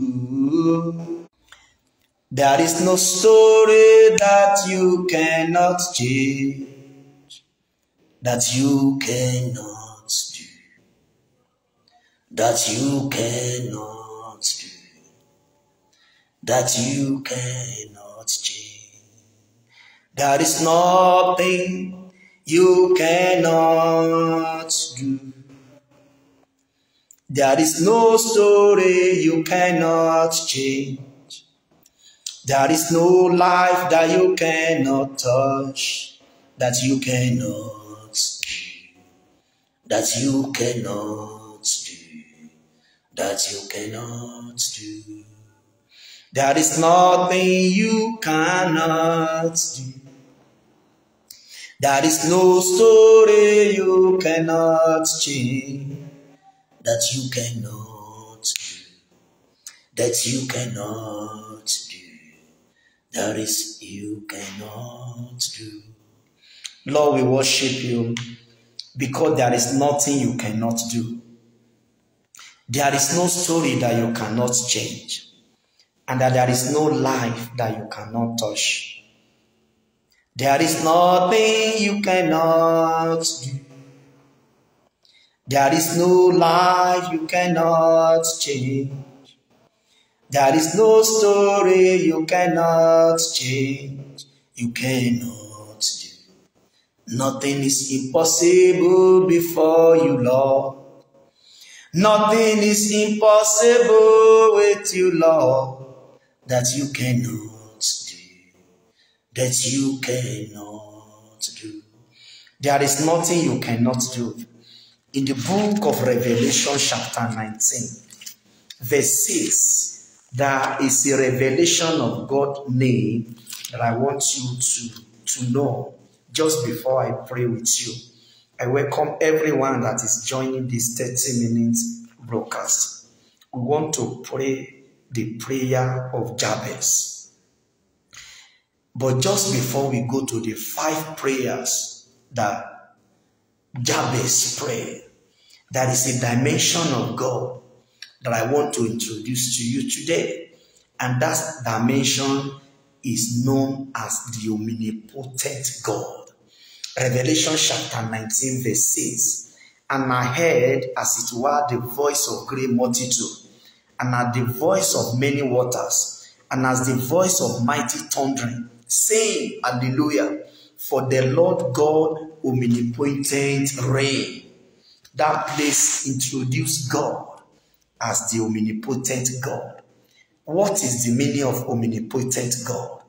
There is no story that you cannot change, that you cannot do, that you cannot do, that you cannot change. There is nothing you cannot do. There is no story you cannot change. There is no life that you cannot touch, that you cannot do, that you cannot do, that you cannot do. There is nothing you cannot do. There is no story you cannot change that you cannot do, that you cannot do, that is you cannot do. Lord, we worship you because there is nothing you cannot do. There is no story that you cannot change, and that there is no life that you cannot touch. There is nothing you cannot do. There is no life you cannot change. There is no story you cannot change. You cannot do. Nothing is impossible before you, Lord. Nothing is impossible with you, Lord, that you cannot do. That you cannot do. There is nothing you cannot do in the book of Revelation, chapter 19, verse 6, there is a revelation of God's name that I want you to, to know just before I pray with you. I welcome everyone that is joining this 30 minutes broadcast. We want to pray the prayer of Jabez. But just before we go to the five prayers that Jabez prayed. That is a dimension of God that I want to introduce to you today. And that dimension is known as the omnipotent God. Revelation chapter 19, verse 6. And I heard, as it were, the voice of great multitude, and at the voice of many waters, and as the voice of mighty thundering, saying, Hallelujah, for the Lord God omnipotent reign that place introduced God as the omnipotent God. What is the meaning of omnipotent God?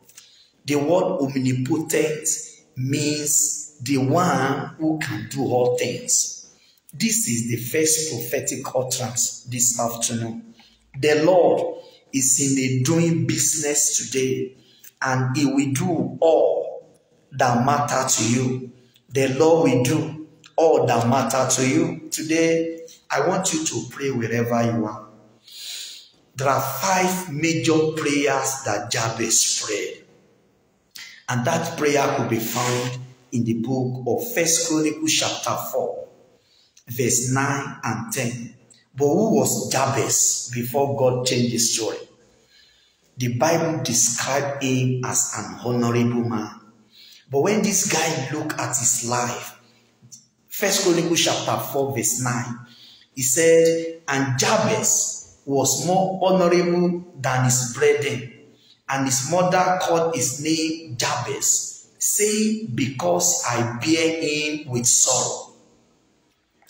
The word omnipotent means the one who can do all things. This is the first prophetic utterance this afternoon. The Lord is in the doing business today and he will do all that matter to you. The Lord will do all that matter to you. Today, I want you to pray wherever you are. There are five major prayers that Jabez prayed. And that prayer could be found in the book of First Chronicles chapter 4, verse 9 and 10. But who was Jabez before God changed his story? The Bible described him as an honorable man. But when this guy looked at his life First Chronicles chapter 4, verse 9. He said, And Jabez was more honorable than his brethren, and his mother called his name Jabez, saying, Because I bear him with sorrow.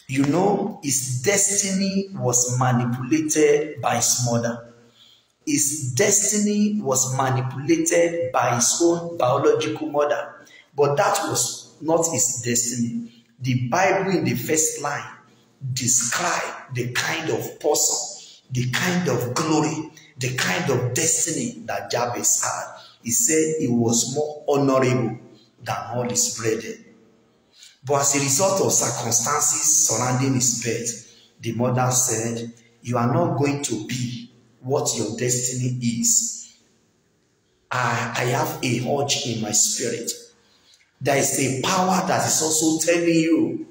You know, his destiny was manipulated by his mother. His destiny was manipulated by his own biological mother, but that was not his destiny. The Bible in the first line describe the kind of person, the kind of glory, the kind of destiny that Jabez had. He said he was more honorable than all his brethren. But as a result of circumstances surrounding his birth, the mother said, You are not going to be what your destiny is. I, I have a urge in my spirit There is a power that is also telling you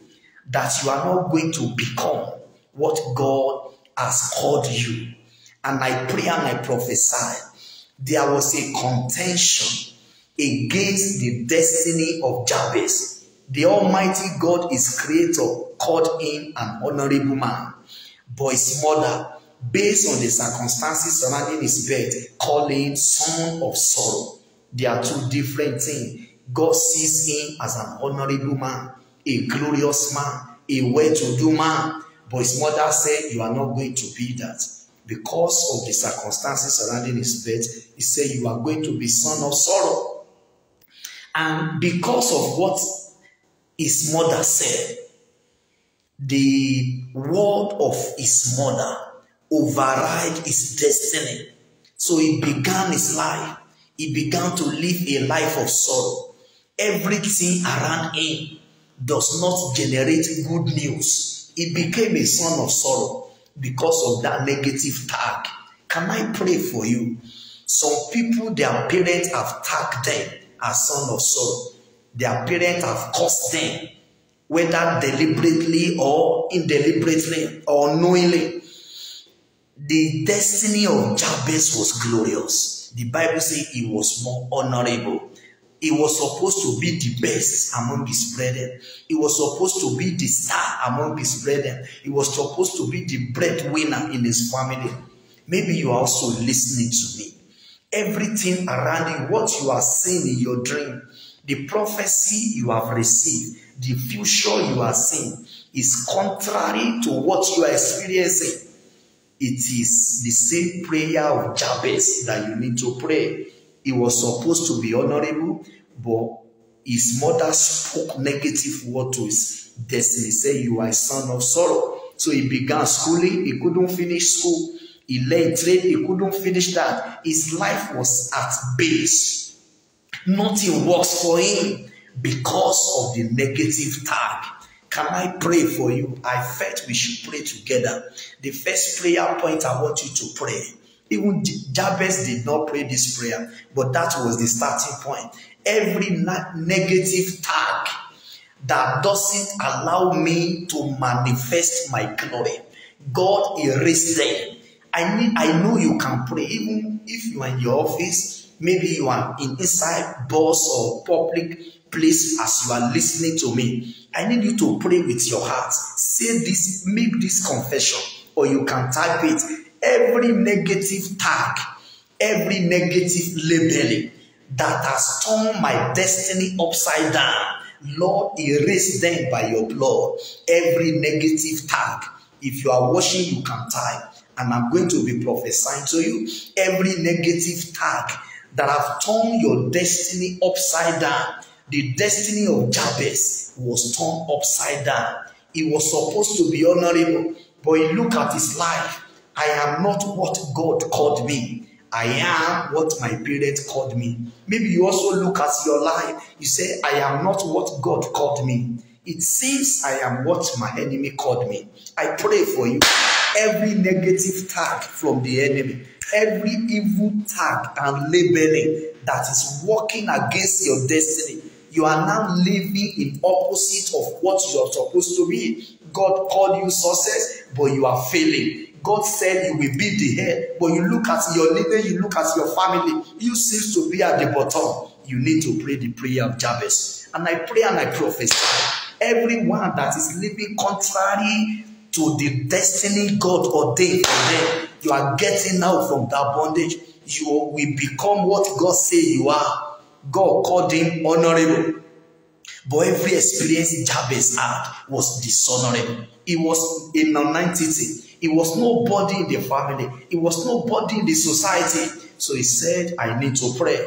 that you are not going to become what God has called you. And I pray and I prophesy. There was a contention against the destiny of Jabez. The Almighty God, his creator, called him an honorable man. But his mother, based on the circumstances surrounding his birth, called him son of sorrow. They are two different things. God sees him as an honourable man, a glorious man, a well-to-do man. But his mother said, You are not going to be that. Because of the circumstances surrounding his birth, he said, You are going to be son of sorrow. And because of what his mother said, the word of his mother override his destiny. So he began his life. He began to live a life of sorrow. Everything around him does not generate good news. He became a son of sorrow because of that negative tag. Can I pray for you? Some people, their parents have tagged them as son of sorrow. Their parents have cursed them, whether deliberately or indeliberately or knowingly. The destiny of Jabez was glorious. The Bible says he was more honorable He was supposed to be the best among his brethren. He was supposed to be the star among his brethren. He was supposed to be the breadwinner in his family. Maybe you are also listening to me. Everything around you, what you are seeing in your dream, the prophecy you have received, the future you are seeing is contrary to what you are experiencing. It is the same prayer of Jabez that you need to pray. He was supposed to be honorable, but his mother spoke negative words to his destiny, say, you are a son of sorrow. So he began schooling, he couldn't finish school. He learned trade, he couldn't finish that. His life was at base. Nothing works for him because of the negative tag. Can I pray for you? I felt we should pray together. The first prayer point I want you to pray Even Jabez did not pray this prayer, but that was the starting point. Every negative tag that doesn't allow me to manifest my glory, God erased them. I need, I know you can pray, even if you are in your office, maybe you are in inside boss or public place as you are listening to me. I need you to pray with your heart. Say this, make this confession, or you can type it every negative tag, every negative labeling that has turned my destiny upside down. Lord, erase them by your blood. Every negative tag. If you are washing, you can tie. And I'm going to be prophesying to you. Every negative tag that have turned your destiny upside down. The destiny of Jabez was turned upside down. He was supposed to be honorable, but he looked at his life I am not what God called me. I am what my parents called me. Maybe you also look at your life. You say, I am not what God called me. It seems I am what my enemy called me. I pray for you. Every negative tag from the enemy, every evil tag and labeling that is working against your destiny, you are now living in opposite of what you are supposed to be. God called you success, but you are failing. God said he will be the head, but you look at your neighbor, you look at your family, you seem to be at the bottom. You need to pray the prayer of Jabez. And I pray and I prophesy. Everyone that is living contrary to the destiny God ordained for them, you are getting out from that bondage. You will become what God said you are. God called him honorable. But every experience Jabez had was dishonorable. He was a non-entity. It was nobody in the family. It was nobody in the society. So he said, I need to pray.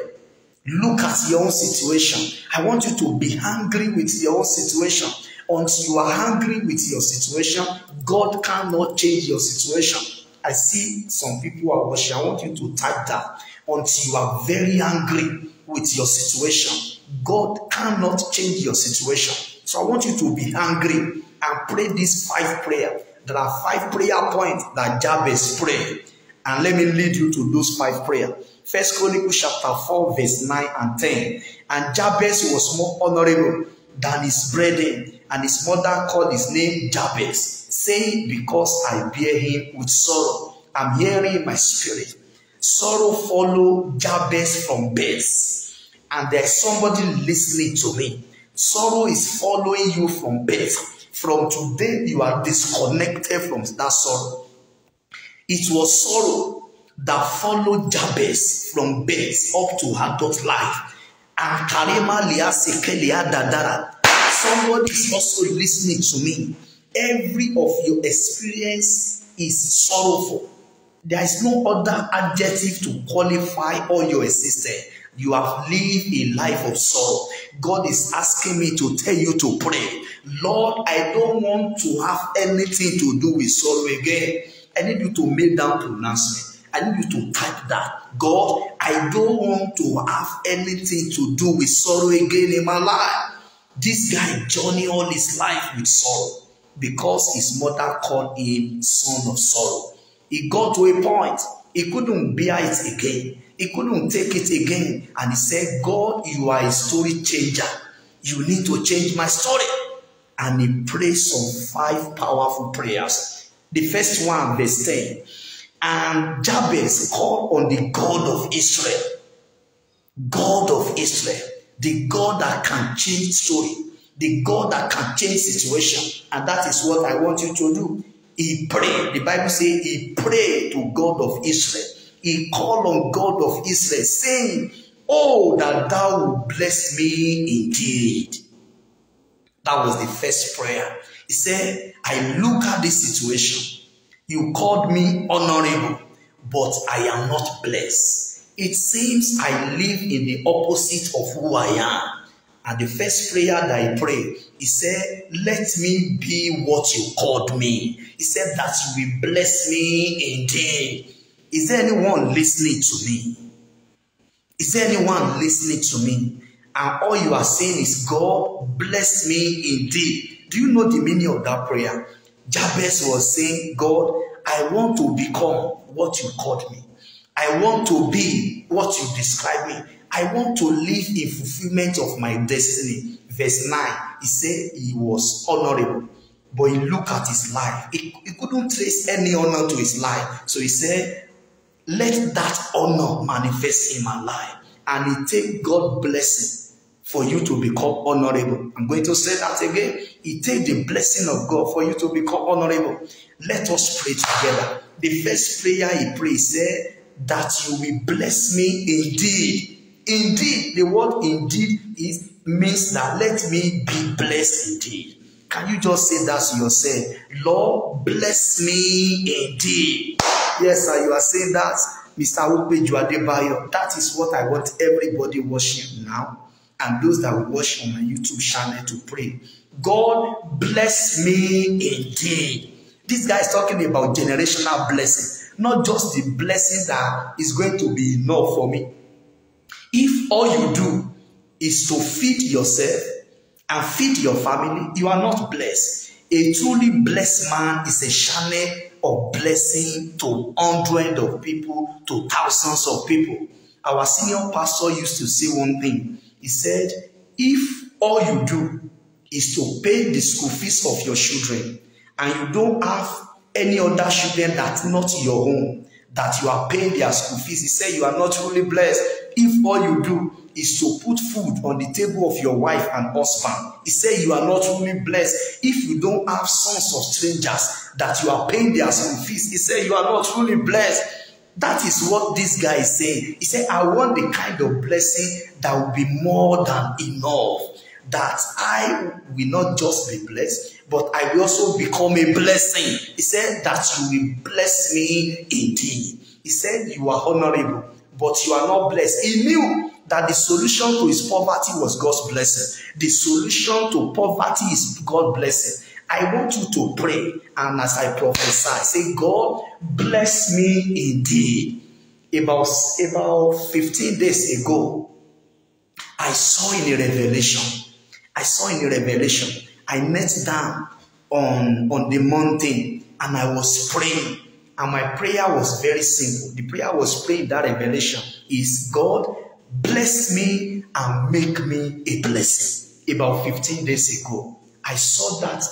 Look at your own situation. I want you to be angry with your own situation. Until you are angry with your situation, God cannot change your situation. I see some people are watching. I want you to type that. Until you are very angry with your situation, God cannot change your situation. So I want you to be angry and pray this five prayers." There are five prayer points that Jabez prayed. And let me lead you to those five prayers. First Chronicles chapter 4, verse 9 and 10. And Jabez was more honorable than his brethren, and his mother called his name Jabez, saying, Because I bear him with sorrow. I'm hearing my spirit. Sorrow followed Jabez from birth. And there's somebody listening to me. Sorrow is following you from birth. From today, you are disconnected from that sorrow. It was sorrow that followed Jabez from birth up to adult life. And Karima Lia Sekelia Dadara. Somebody is also listening to me. Every of your experience is sorrowful. There is no other adjective to qualify all your existence. You have lived a life of sorrow. God is asking me to tell you to pray Lord, I don't want to have anything to do with sorrow again. I need you to make that pronouncement. I need you to type that. God, I don't want to have anything to do with sorrow again in my life. This guy journeyed all his life with sorrow because his mother called him son of sorrow. He got to a point, he couldn't bear it again. He couldn't take it again. And he said, God, you are a story changer. You need to change my story and he prayed some five powerful prayers. The first one, verse 10. And Jabez called on the God of Israel. God of Israel. The God that can change story. The God that can change situation. And that is what I want you to do. He prayed. The Bible says he prayed to God of Israel. He called on God of Israel, saying, Oh, that thou would bless me indeed. That was the first prayer. He said, I look at this situation. You called me honorable, but I am not blessed. It seems I live in the opposite of who I am. And the first prayer that I pray, he said, Let me be what you called me. He said that you will bless me indeed. Is there anyone listening to me? Is there anyone listening to me? and all you are saying is, God bless me indeed. Do you know the meaning of that prayer? Jabez was saying, God, I want to become what you called me. I want to be what you describe me. I want to live in fulfillment of my destiny. Verse 9, he said he was honorable. But he looked at his life. He, he couldn't trace any honor to his life. So he said, let that honor manifest in my life. And he take God blessing for you to become honorable. I'm going to say that again. It takes the blessing of God for you to become honorable. Let us pray together. The first prayer he prayed said, that you will bless me indeed. Indeed, the word indeed is means that let me be blessed indeed. Can you just say that to yourself? Lord, bless me indeed. Yes, sir, you are saying that. Mr. Upeju Adebayo, that is what I want everybody worship now. and those that watch on my YouTube channel to pray. God bless me indeed. This guy is talking about generational blessing, not just the blessing that is going to be enough for me. If all you do is to feed yourself and feed your family, you are not blessed. A truly blessed man is a channel of blessing to hundreds of people, to thousands of people. Our senior pastor used to say one thing He said, if all you do is to pay the school fees of your children and you don't have any other children that's not your own, that you are paying their school fees, he said you are not really blessed. If all you do is to put food on the table of your wife and husband. He said you are not really blessed if you don't have sons of strangers that you are paying their school fees. He said you are not really blessed That is what this guy is He said, I want the kind of blessing that will be more than enough, that I will not just be blessed, but I will also become a blessing. He said, that you will bless me indeed. He said, you are honourable, but you are not blessed. He knew that the solution to his poverty was God's blessing. The solution to poverty is God's blessing. I want you to pray, and as I prophesy, say, God, bless me indeed. About, about 15 days ago, I saw in a revelation, I saw in a revelation, I met down on, on the mountain and I was praying. And my prayer was very simple. The prayer I was praying that revelation is God, bless me and make me a blessing. About 15 days ago, I saw that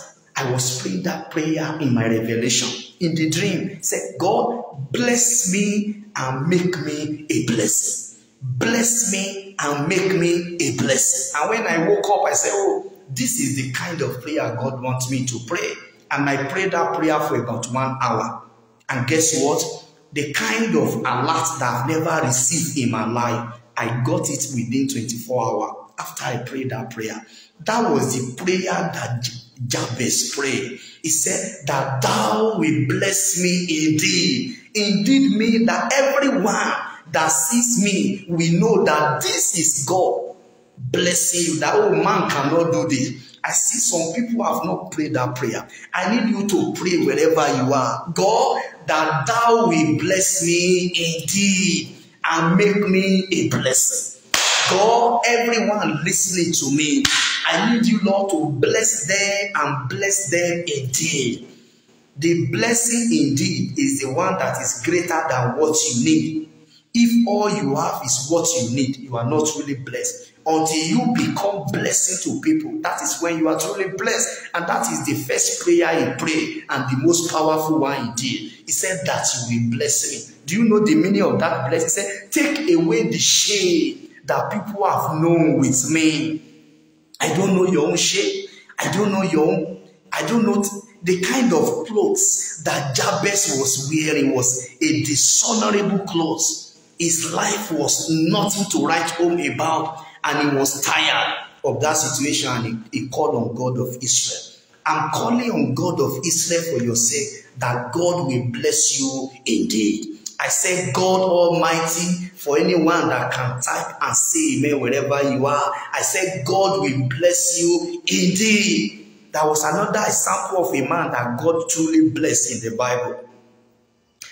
I was praying that prayer in my revelation, in the dream. Said, God, bless me and make me a blessing. Bless me and make me a blessing. And when I woke up, I said, Oh, this is the kind of prayer God wants me to pray. And I prayed that prayer for about one hour. And guess what? The kind of alert that I've never received in my life, I got it within 24 hours after I prayed that prayer. That was the prayer that Jabez pray. He said, That thou will bless me indeed. Indeed, me that everyone that sees me will know that this is God blessing you. That oh, man cannot do this. I see some people have not prayed that prayer. I need you to pray wherever you are. God, that thou will bless me indeed and make me a blessing sure everyone listening to me, I need you, Lord, to bless them and bless them indeed. The blessing indeed is the one that is greater than what you need. If all you have is what you need, you are not really blessed. Until you become blessing to people, that is when you are truly blessed. And that is the first prayer he prayed and the most powerful one indeed. He said that you will bless me. Do you know the meaning of that blessing? He said, take away the shame that people have known with me. I don't know your own shape. I don't know your own. I don't know the kind of clothes that Jabez was wearing was a dishonorable clothes. His life was nothing to write home about, and he was tired of that situation, and he, he called on God of Israel. I'm calling on God of Israel for your sake that God will bless you indeed. I said, God Almighty, for anyone that can type and say amen wherever you are, I said, God will bless you indeed. That was another example of a man that God truly blessed in the Bible.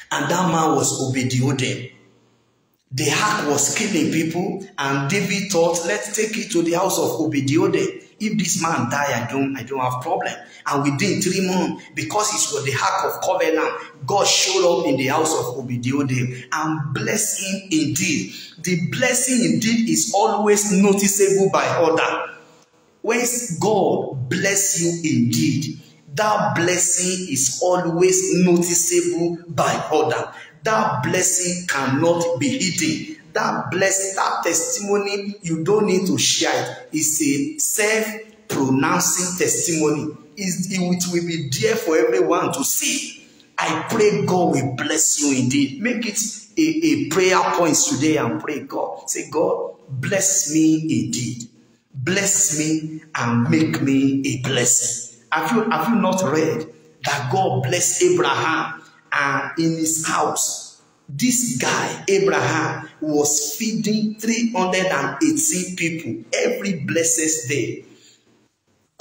And that man was Obediodim. The hack was killing people, and David thought, let's take it to the house of Obediodim. If this man die, I don't, I don't have problem. And within three months, because it was the ark of covenant, God showed up in the house of Obediodim and blessed him indeed. The blessing indeed is always noticeable by other. When God bless you indeed, that blessing is always noticeable by other. That blessing cannot be hidden that bless that testimony you don't need to share it it's a self-pronouncing testimony it's, it will be there for everyone to see I pray God will bless you indeed make it a, a prayer point today and pray God say God bless me indeed bless me and make me a blessing have you have you not read that God bless Abraham and uh, in his house this guy Abraham was feeding 318 people every blessed day.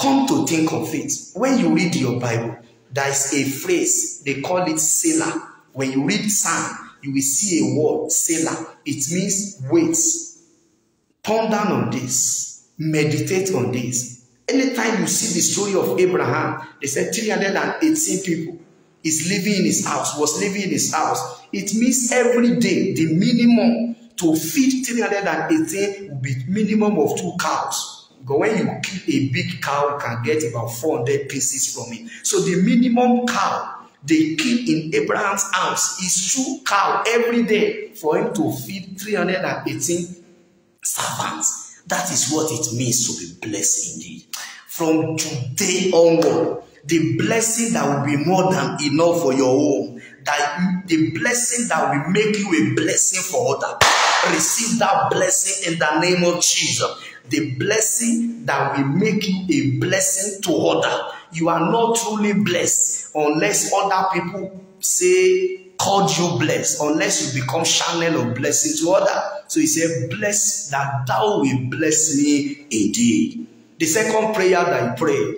Come to think of it, when you read your Bible, there is a phrase, they call it sailor. When you read Psalm, you will see a word, sailor. It means wait. Turn down on this. Meditate on this. Anytime you see the story of Abraham, they said 318 people is living in his house, was living in his house. It means every day, the minimum to feed 318 will be minimum of two cows. But when you kill a big cow, you can get about 400 pieces from it. So the minimum cow they kill in Abraham's house is two cows every day for him to feed 318 servants. That is what it means to be blessed indeed. From today onward, the blessing that will be more than enough for your home, that the blessing that will make you a blessing for others. receive that blessing in the name of Jesus. The blessing that will make you a blessing to other. You are not truly blessed unless other people say called you blessed unless you become channel of blessing to other. So he said, bless that thou will bless me indeed. The second prayer that he prayed,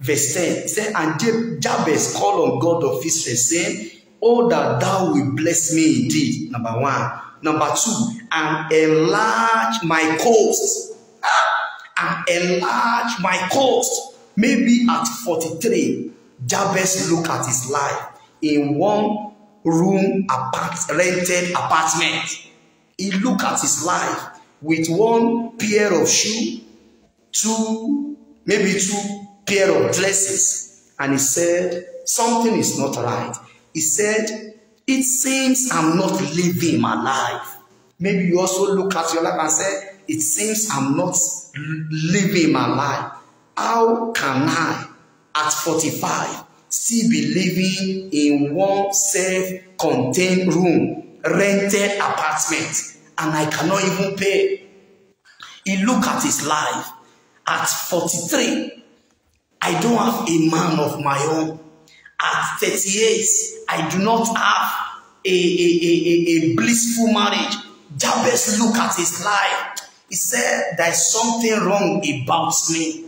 verse 10, he said, and Jabez called on God of Israel, saying, Oh, that thou will bless me indeed. Number one, Number two, and enlarge my coast. Ah, and enlarge my coast. Maybe at 43, Jabez looked at his life in one room apart, rented apartment. He looked at his life with one pair of shoe, two, maybe two pair of dresses. And he said, something is not right. He said, It seems I'm not living my life. Maybe you also look at your life and say, It seems I'm not living my life. How can I, at 45, still be living in one self-contained room, rented apartment, and I cannot even pay? He look at his life. At 43, I don't have a man of my own at thirty-eight, I do not have a, a, a, a, a blissful marriage. Jabez look at his life. He said, there is something wrong about me.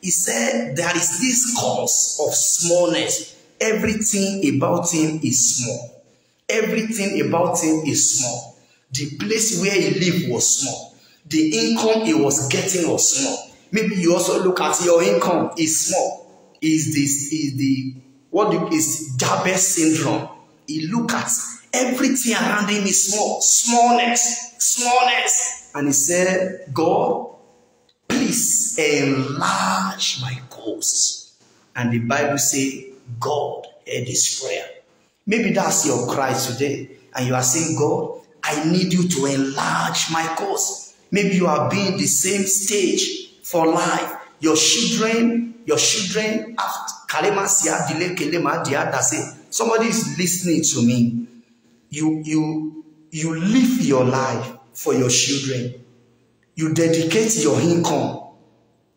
He said, there is this cause of smallness. Everything about him is small. Everything about him is small. The place where he lived was small. The income he was getting was small. Maybe you also look at your income is small. Is this is the what is Jabez syndrome. He look at everything around him is small, smallness, smallness. And he said, God, please enlarge my coast. And the Bible say, God heard his prayer. Maybe that's your cry today. And you are saying, God, I need you to enlarge my coast. Maybe you are in the same stage for life. Your children Your children have kalemasia, dile kelema, diadase. Somebody is listening to me. You, you, you live your life for your children. You dedicate your income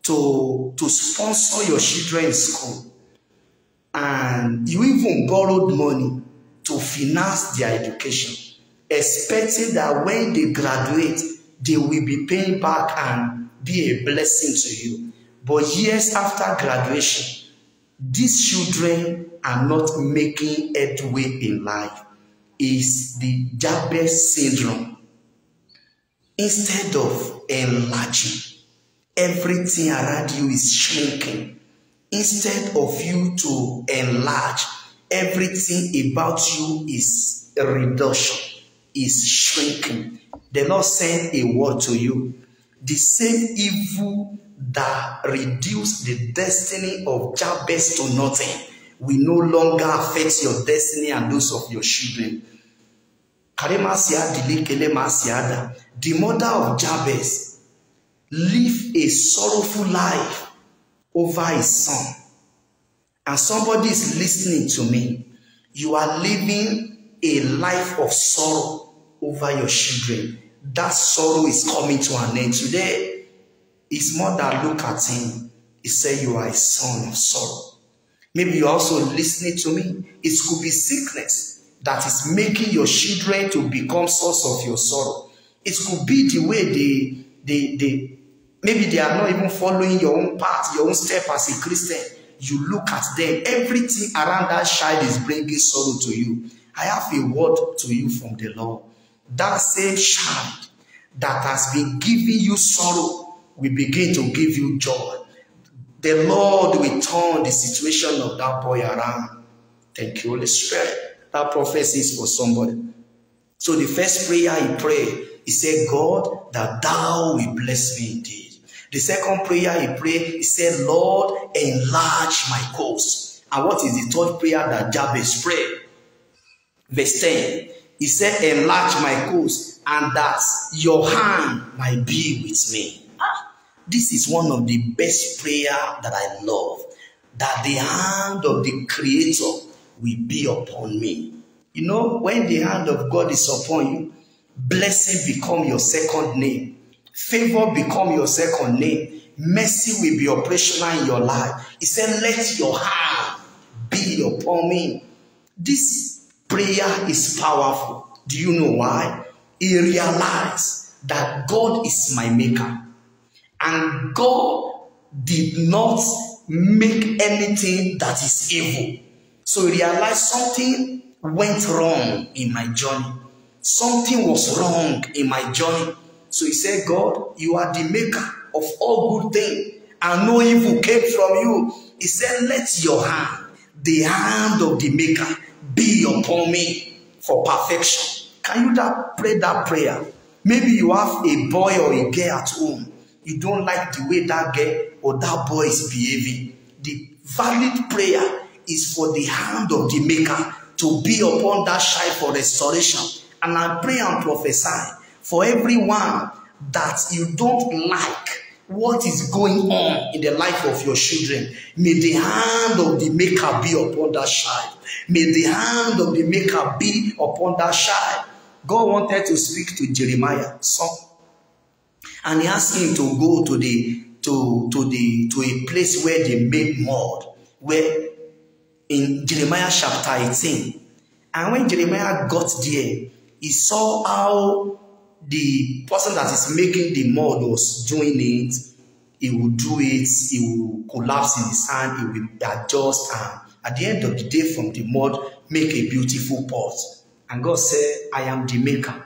to, to sponsor your children's school. And you even borrowed money to finance their education, expecting that when they graduate, they will be paying back and be a blessing to you. But years after graduation, these children are not making headway in life. Is the Jabez syndrome. Instead of enlarging, everything around you is shrinking. Instead of you to enlarge, everything about you is a reduction, is shrinking. The Lord sent a word to you. The same evil that reduce the destiny of Jabez to nothing will no longer affect your destiny and those of your children. The mother of Jabez lived a sorrowful life over his son. And somebody is listening to me. You are living a life of sorrow over your children. That sorrow is coming to an end today. His mother looked at him. He said, You are a son of sorrow. Maybe you're also listening to me. It could be sickness that is making your children to become source of your sorrow. It could be the way they, they, they, maybe they are not even following your own path, your own step as a Christian. You look at them. Everything around that child is bringing sorrow to you. I have a word to you from the Lord. That same child that has been giving you sorrow we begin to give you joy. The Lord will turn the situation of that boy around. Thank you, Holy Spirit. That prophecy is for somebody. So the first prayer he prayed, he said, God, that thou will bless me indeed. The second prayer he prayed, he said, Lord, enlarge my cause." And what is the third prayer that Jabez prayed? Verse 10. He said, enlarge my cause, and that your hand might be with me. This is one of the best prayer that I love. That the hand of the Creator will be upon me. You know, when the hand of God is upon you, blessing become your second name. Favor become your second name. Mercy will be operational in your life. He said, let your hand be upon me. This prayer is powerful. Do you know why? He realized that God is my maker. And God did not make anything that is evil. So he realized something went wrong in my journey. Something was wrong in my journey. So he said, God, you are the maker of all good things, and no evil came from you. He said, Let your hand, the hand of the maker, be upon me for perfection. Can you that pray that prayer? Maybe you have a boy or a girl at home you don't like the way that girl or that boy is behaving. The valid prayer is for the hand of the maker to be upon that child for restoration. And I pray and prophesy for everyone that you don't like what is going on in the life of your children. May the hand of the maker be upon that child. May the hand of the maker be upon that child. God wanted to speak to Jeremiah. So And he asked him to go to the to, to the to a place where they made mud, where in Jeremiah chapter 18. And when Jeremiah got there, he saw how the person that is making the mud was doing it. He will do it, he will collapse in the sand, he will adjust, and at the end of the day, from the mud, make a beautiful pot. And God said, I am the maker.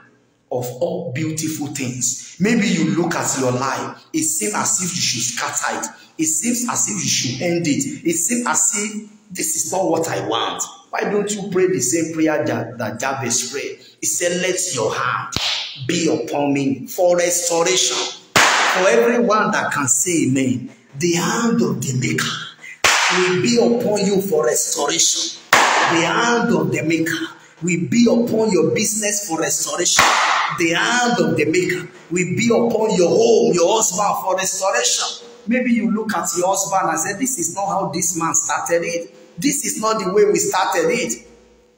of all beautiful things. Maybe you look at your life, it seems as if you should scatter it. It seems as if you should end it. It seems as if this is not what I want. Why don't you pray the same prayer that, that Jabez prayed? He said, Let your hand be upon me for restoration. For everyone that can say amen, the hand of the maker will be upon you for restoration. The hand of the maker will be upon your business for restoration. the hand of the maker will be upon your home, your husband for restoration. Maybe you look at your husband and say, This is not how this man started it. This is not the way we started it.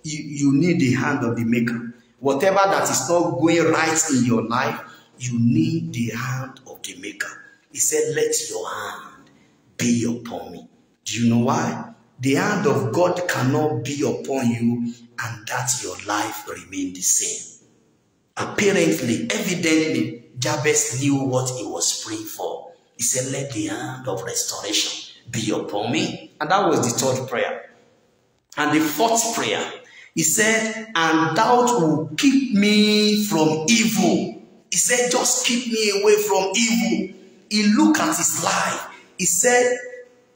You, you need the hand of the maker. Whatever that is not going right in your life, you need the hand of the maker. He said, Let your hand be upon me. Do you know why? The hand of God cannot be upon you, and that your life remain the same. Apparently, evidently, Jabez knew what he was praying for. He said, Let the hand of restoration be upon me. And that was the third prayer. And the fourth prayer, he said, And doubt will keep me from evil. He said, Just keep me away from evil. He looked at his life. He said,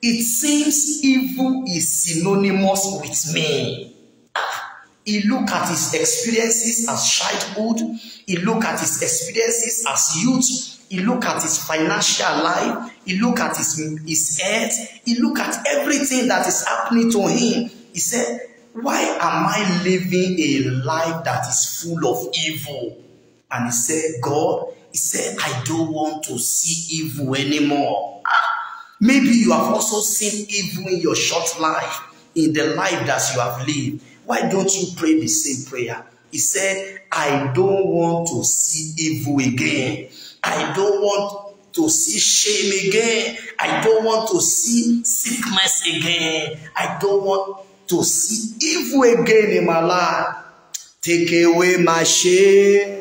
It seems evil is synonymous with me. He look at his experiences as childhood. He look at his experiences as youth. He look at his financial life. He look at his, his health. He look at everything that is happening to him. He said, why am I living a life that is full of evil? And he said, God, he said, I don't want to see evil anymore. Ah, maybe you have also seen evil in your short life, in the life that you have lived. Why don't you pray the same prayer? He said, I don't want to see evil again. I don't want to see shame again. I don't want to see sickness again. I don't want to see evil again in my life. Take away my shame.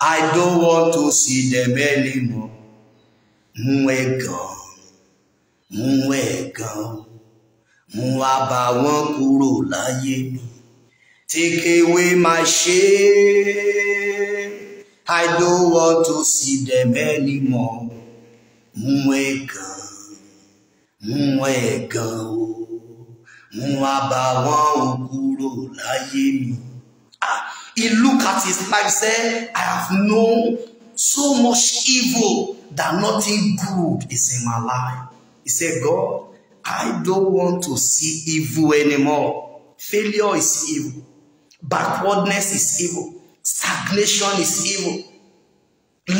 I don't want to see them anymore. Mwego. Mwego mú wá wọn kúrò láyé mi Take away my shame. I don't want to see them anymore. Mú ẹ̀gàn, mú ẹ̀gàn o, mú àbá wọn kúrò láyé mi. He ah, look at his life say, I have known so much evil that nothing good is in my life. He said, God, I don't want to see evil anymore. Failure is evil. Backwardness is evil. Stagnation is evil.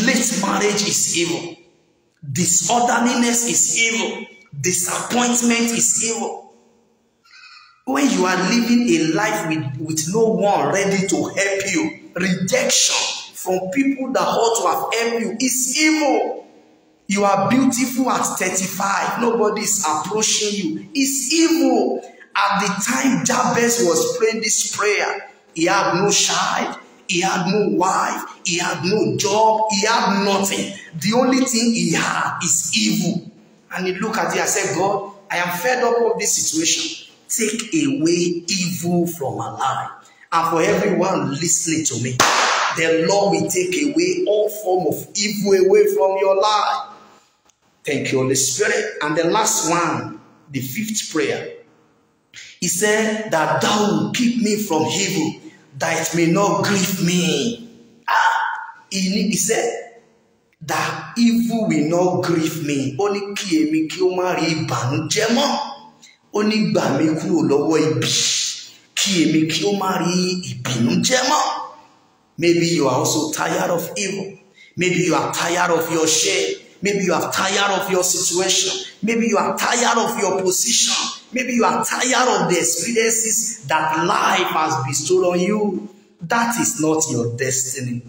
Late marriage is evil. Disorderliness is evil. Disappointment is evil. When you are living a life with, with no one ready to help you, rejection from people that ought to have helped you is evil. You are beautiful at 35. Nobody is approaching you. It's evil. At the time Jabez was praying this prayer, he had no child, he had no wife, he had no job, he had nothing. The only thing he had is evil. And he looked at it and said, God, I am fed up of this situation. Take away evil from my life. And for everyone listening to me, the Lord will take away all form of evil away from your life. Thank you, Holy Spirit. And the last one, the fifth prayer. He said that thou will keep me from evil, that it may not grieve me. Ah, he, he said that evil will not grieve me. Ó kí èmi kí ó má rí ìbànújẹ́ mọ́. Ó ní gbà mí kúrò lọ́wọ́ ibi. Kí èmi kí ó má rí ìbànújẹ́ mọ́. Maybe you are also tired of evil. Maybe you are tired of your shame. Maybe you are tired of your situation. Maybe you are tired of your position. Maybe you are tired of the experiences that life has bestowed on you. That is not your destiny.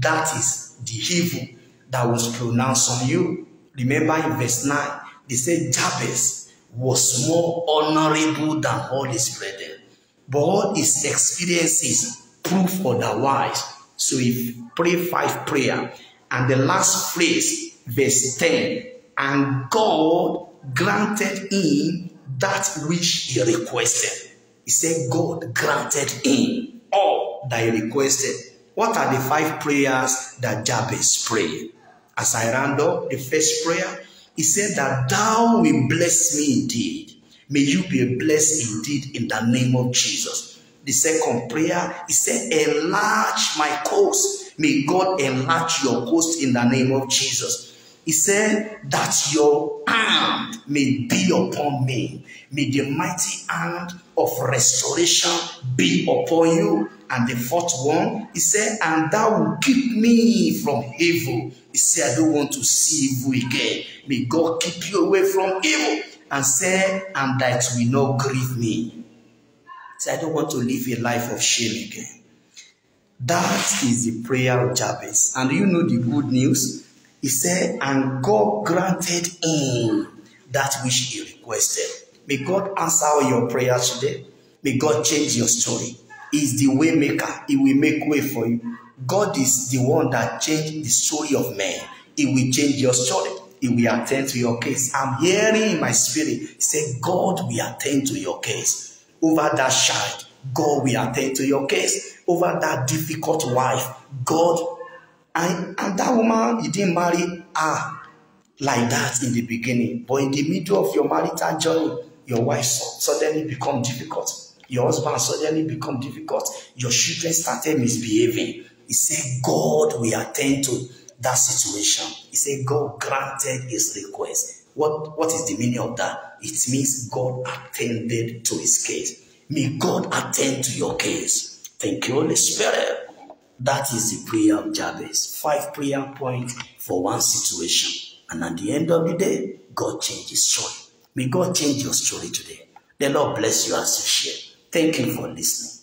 That is the evil that was pronounced on you. Remember in verse 9, they said Jabez was more honorable than all his brethren. But all his experiences prove otherwise. So if pray five prayer and the last phrase verse 10 And God granted him that which he requested. He said, God granted him all that he requested. What are the five prayers that Jabez prayed? As I round up the first prayer, he said that thou will bless me indeed. May you be blessed indeed in the name of Jesus. The second prayer, he said, enlarge my coast. May God enlarge your coast in the name of Jesus. He said, That your hand may be upon me. May the mighty hand of restoration be upon you. And the fourth one, he said, And thou will keep me from evil. He said, I don't want to see evil again. May God keep you away from evil. And say, And that will not grieve me. Say, I don't want to live a life of shame again. That is the prayer of Jabez. And you know the good news He said, and God granted him that which he requested. May God answer all your prayers today. May God change your story. He's the way maker. He will make way for you. God is the one that changed the story of man. He will change your story. He will attend to your case. I'm hearing in my spirit, say, God will attend to your case. Over that child, God will attend to your case. Over that difficult wife, God And, and that woman you didn't marry her like that in the beginning. But in the middle of your marital journey, your wife suddenly become difficult. Your husband suddenly become difficult. Your children started misbehaving. He said, God will attend to that situation. He said, God granted his request. What, what is the meaning of that? It means God attended to his case. May God attend to your case. Thank you, Holy Spirit. That is the prayer of Jabez. Five prayer points for one situation. And at the end of the day, God changes story. May God change your story today. The Lord bless you as you share. Thank you for listening.